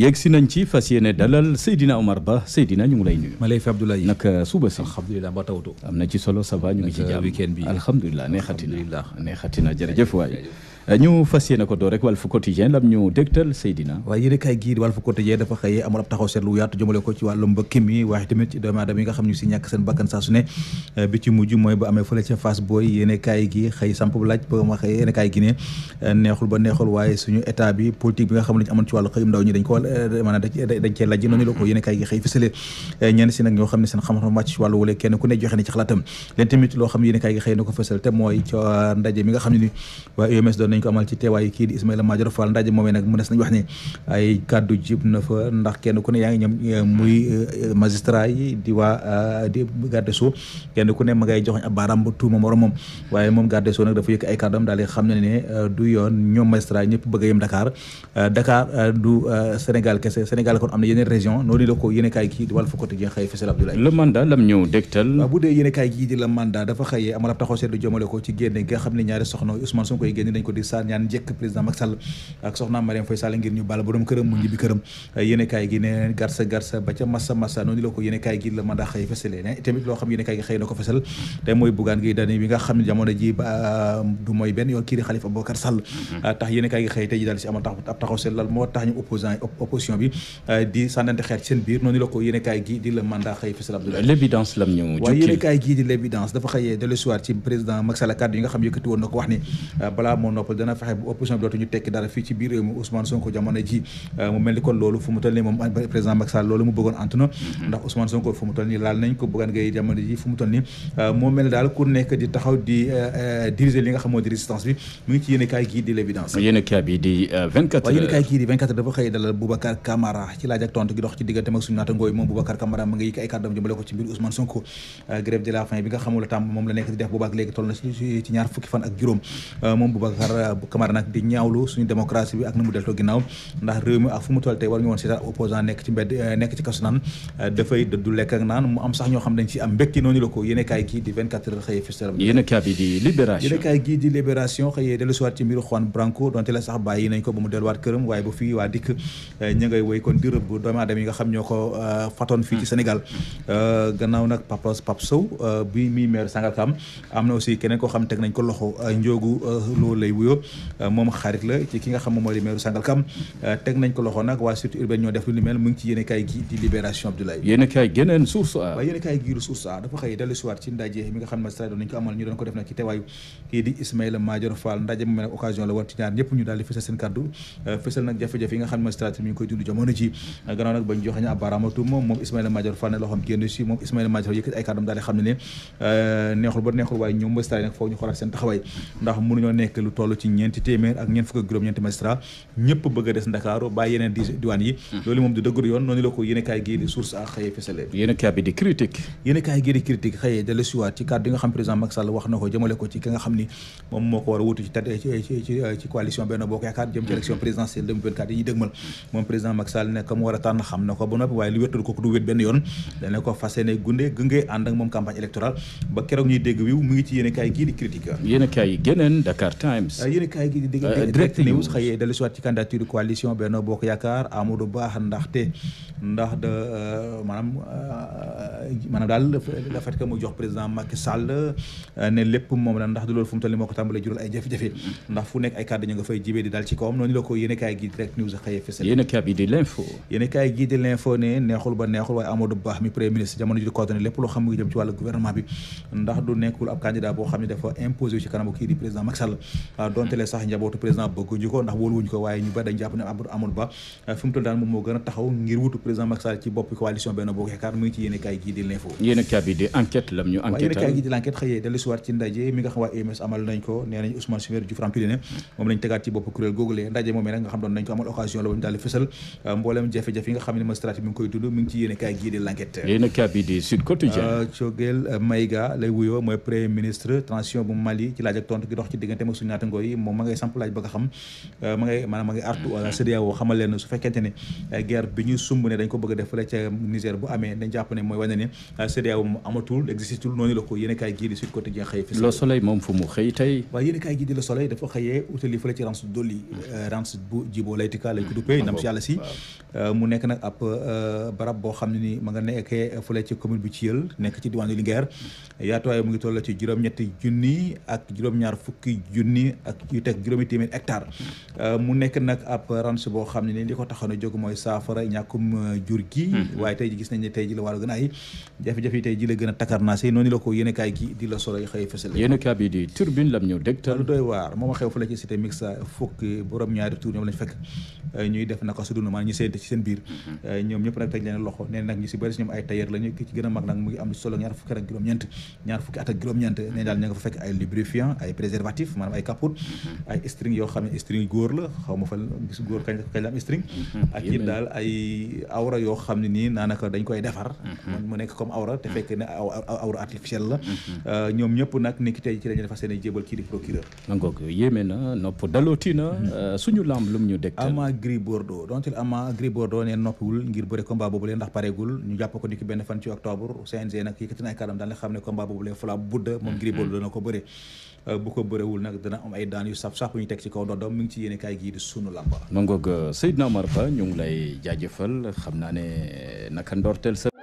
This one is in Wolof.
yegg si nañ ci fas yéene dalal Seydina Omar Ba Seydina ñu ngi lay nuyu. ma lay fi Abdoulaye naka euh, suba si. alhamdulilah ba tawtu am na ci solo ça va ñu ngi ci jàmm. weekend bi alhamdulilah neexatina neexatina jërëjëf waaye ñu fas yéene ko door rek Walf Quotidien lam ñu dégtal Seydina waaye yéen kay gii Walf Quotidien dafa xëyee amul ab taxaw seetlu yaatu jëmale ko ci wàllum eh, ba amee fële ca Fass Boy yéen kay gi xëy samp bu laaj gi ne eh, neexul si nag ñoo xam ne seen xam-xam wàcc ci wàllu wala kenn ku ne joxe na ci xalaatam leen tamit loo xam ne yéen gi xëy na ko fësal te mooy ndaje mi nga xam ne ni waa UMS doon nañ ko amal ci teewaayu na fa ndax kenn ku ne yaa ngi ñoom eh, muy eh, magistrat yi di waa eh, di garde soo kenn ku ne ma ngay joxoñ ab baaraam ba tuuma morom moom waaye moom garde soo nag dafa yëkk ay kàddoom daal xam ne ne du yoon ñoom magistrat yi bëgg a yem Dakar du Sénégal kon am na yeneen région noonu la ko yéen kaay kii di Walf Quotidien xëy Fesal Abdoulaye le mandat lam ñëw dégtal waaw bu dee yéen kaay kii di la mandat dafa xëyee amal taxaw seetlu jëmale ko ci génne nga xam ne ñaari soxna Ousmane Sonko koy génne dañ ko di Sarr ñaan njëkk président Macky Sall ak soxna Mariam Faye Sall ngir ñu baal borom këram mu ngi këram yéene gi ne garsa garsa ba ca massa massa noonu loo ko fesal mm-hmm. euh, gi di la ko yéene kaay gi l'évidence lam ñëw waaye dafa xëyee dellu soir ci président Macky Sall kàddu yi nga xam yëkkati woon na ko wax ni euh, balaa moo noppal dana fexe bu opposition bi dootuñu tekki dara fii ci biir réew Sonko jamono ji euh, mu mel ni kon loolu fu mu toll nii moom moom la nekk di def boobaak léegi toll na ci ñaar fukki fan ak juróom euh, moom Boubacar bu Camara nag di ñaawlu suñu démocratie bi ak nu mu deltoo ginnaaw ndax réew mi ak fu mu toll tey nekk ci mbedd euh, naan euh, dafay dëddu lekk ak naan mu am sax ñoo xam nañ ko ba mu delluwaat këram waaye ba fii waa dikk euh, ñu woy kon di rëbb doomu aadama yi nga xam ñoo ko fatoon fii ci Sénégal gannaaw nag Papa Pape bi muy maire Sangalkam am na aussi keneen koo xam teg nañ ko loxo njoogu loolu lay wuyoo Diop euh, moom xarit la ci ki nga xam moom moo euh, euh, koy dund jamono ji gannaaw nag bañ ñu ab baaraamatu moom moom Ismaïla Madior Fall ne loxoom génn si moom Ismaïla Madior yëkkati ay kàddam daal xam ne neexul ba neexul waaye ñoom magistrat foofu ñu xoolaat seen taxawaay ndax mënuñoo nekk lu toll ci ñeenti téeméer ak ñeent fukk ak juróom-ñeenti magistrat ñëpp bëgg des Ndakaaru bàyyi yeneen di diwaan yi hmm. loolu moom du dëggul yoon noonu la ko yéen di nga xam ni moom moo ko war wutu ci tade ci ci coalition Benno jëm ci élection présidentielle 2024 yi ñuy dëgmal hmm. moom président Macky Sall mu war tànn xam na ko ba noppi waaye li wéttul kooku du wét benn yoon dana ko fas yéene gunde gungee ànd ak moom campagne électorale ba keroog yéen kaay gi di euh, direct news xëyee dellu siwaat ci candidature coalition Benno Bokk Yaakaar Amadou Ba ndaxte ndax de euh, maanaam euh, maanaam daal le fait que mu jox président Macky Sall ne lépp moom la ndax du loolu fu mu toll nii moo ko tàmbalee jural ay jafe-jafe ndax fu nekk ay kàddu ñu nga fay jibee di daal ci kawam noonu la ko yéen kaay gi direct news xëyee fësal yéen kaay bi di l'info yéen kaay gi di l'info ne neexul ba neexul waaye Amadou Ba mi premier ministre jamono ji di coordonné lépp loo xam mu ngi jëm ci wàllu gouvernement bi ndax du nekkul ab candidat boo xam ne dafa imposé ci kanamu kii di président Macky Sall donte mhm. sax njabootu président bëgguñu ko ndax wóoluwuñu ko waaye ñu bari dañ jàpp ne Amadou Ba euh, fi mu moom moo gën a taxaw ngir wutu président Macky Sall ci bopp coalition Benno Bokk Yaakaar mu ngi ci yéene kaay gii di l'info yéene kaay e euh, euh, lay wuyoo mooy premier ministre transition bu Mali ci laaj ak tontu gi dox ci diggante ak suñu naatangoo yi moom ma ngay samp laaj ba nga xam euh, ma ngay maanaam ma ngay artu wala CEDEAO xamal leen su fekkente ne euh, guerre bi ñu sumb ne dañ ko bëgg a def fële ca Niger bu amee dañ jàpp ne mooy wane ne euh, CEDEAO moom mu nekk nag ab barab boo xam ni ma nga nekkee fële ci commune bu Thiel nekk ci diwaanu Linguère yaatuwaay mu ngi toll ci juróom-ñetti junni ak juróom-ñaar fukki junni ak ak yu teg juróomi téeméer hectare euh, mu nekk nag ab ranch boo xam ne nii li ko taxoon a jóg mooy saafara ñàkkum euh, jur gi mm-hmm. waaye tey ji gis la gën a ay jafe-jafe yi tey ji euh, ci seen biir mm-hmm. ñoom ñëpp nag teg leen loxo nee nag ñu si bëri si ñoom ay tailleur lañu ki ci gën a mag nag mu ngi am solo ñaar ñaar fukki at ak juróom-ñeent nee daal ña nga fa fekk ay lubrifiant ay préservatif maanaam ay kapout Mhm. ay string yoo xam ne string góor la xaw ma fa gis góor kañ kañ la am string mhm. ak it daal ay awra yoo xam ne nii naanaka dañ koy defar mhm. mu nekk comme awra te fekk ne awra artificielle la euh, ñoom ñëpp nag ni ki tey ci lañu defar seen jébal kii di procureur nangoog yéeme na nopp dalooti na euh, suñu lamb lum ñu dégtal ama gris bordeaux donc ama gris bordeaux ne noppiwul ngir bëre combat boobu lee ndax pareegul ñu jàpp ko ni ki benn fan ci octobre CNG nag yëkkati na ay kàddam daal ne xam ne combat boobu lee fala budda moom gris bordeaux dana ko bëre euh, bu ko bërewul nag dana am ay daan yu saf saf ñu teg ci kaw ndoddam mi ngi ci yéene kaay gii di sunu ngoog Seydina Omar Ba ñu ngi lay jaajëfal xam naa ne naka ndorteel sa.